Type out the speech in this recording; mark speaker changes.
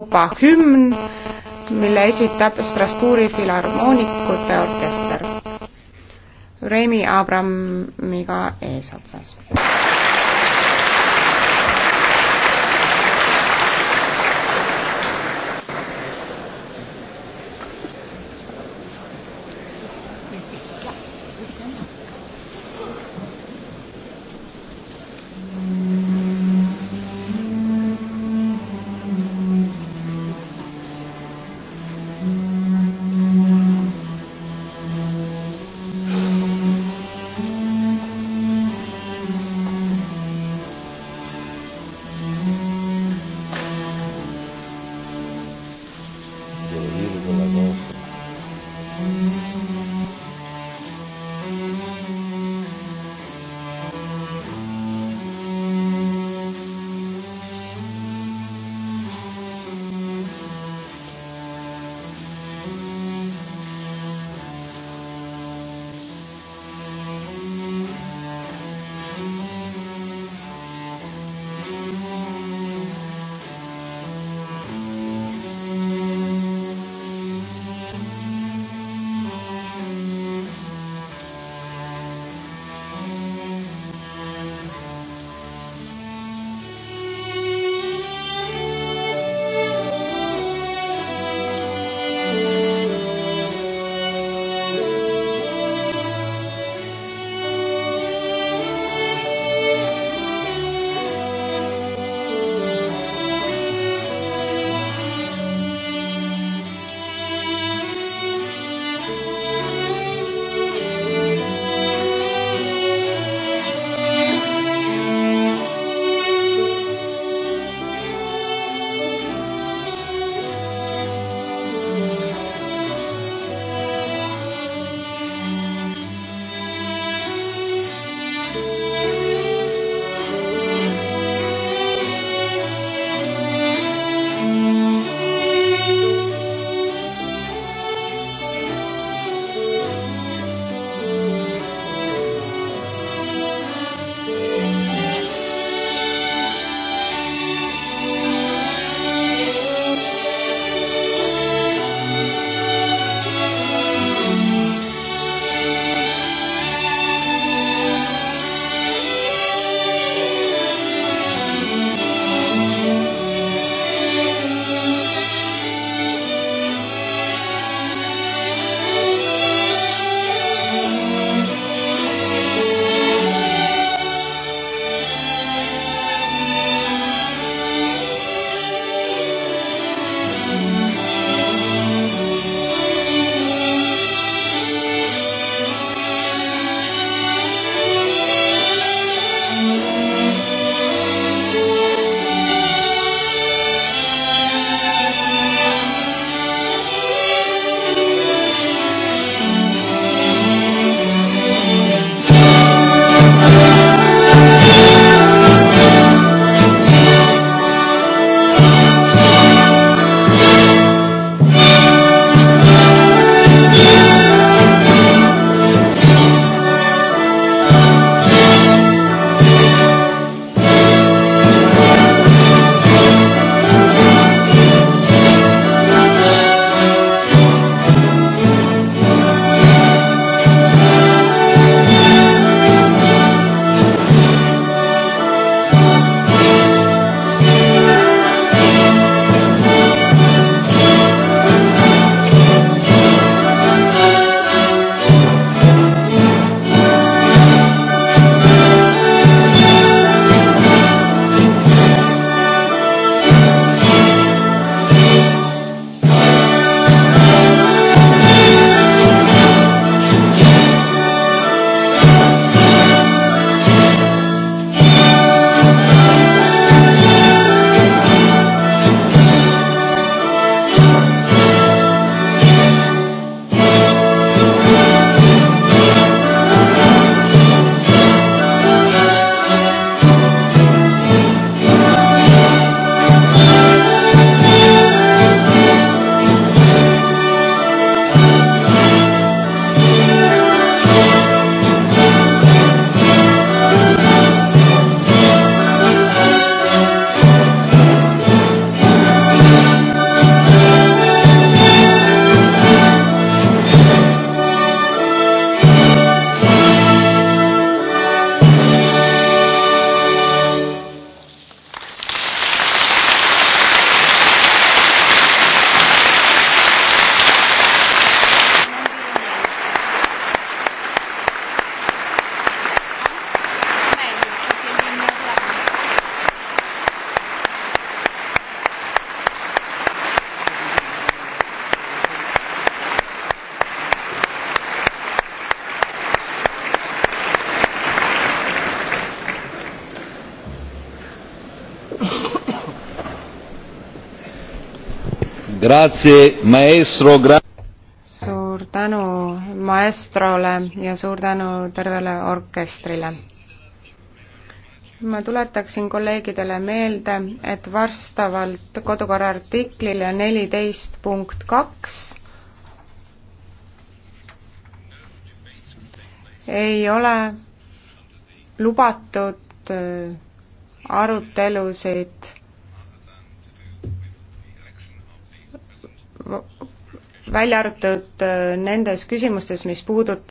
Speaker 1: Euroopa hümn, mille esitab Strasbourgi Filharmoonikute orkester Remi Abramiga eesotsas.
Speaker 2: grazie, maestro, gra-.
Speaker 1: suur tänu maestrole ja suur tänu tervele orkestrile. ma tuletaksin kolleegidele meelde, et vastavalt kodukorra artiklile neliteist punkt kaks ei ole lubatud äh, arutelusid välja arvatud äh, nendes küsimustes, mis
Speaker 2: puudutavad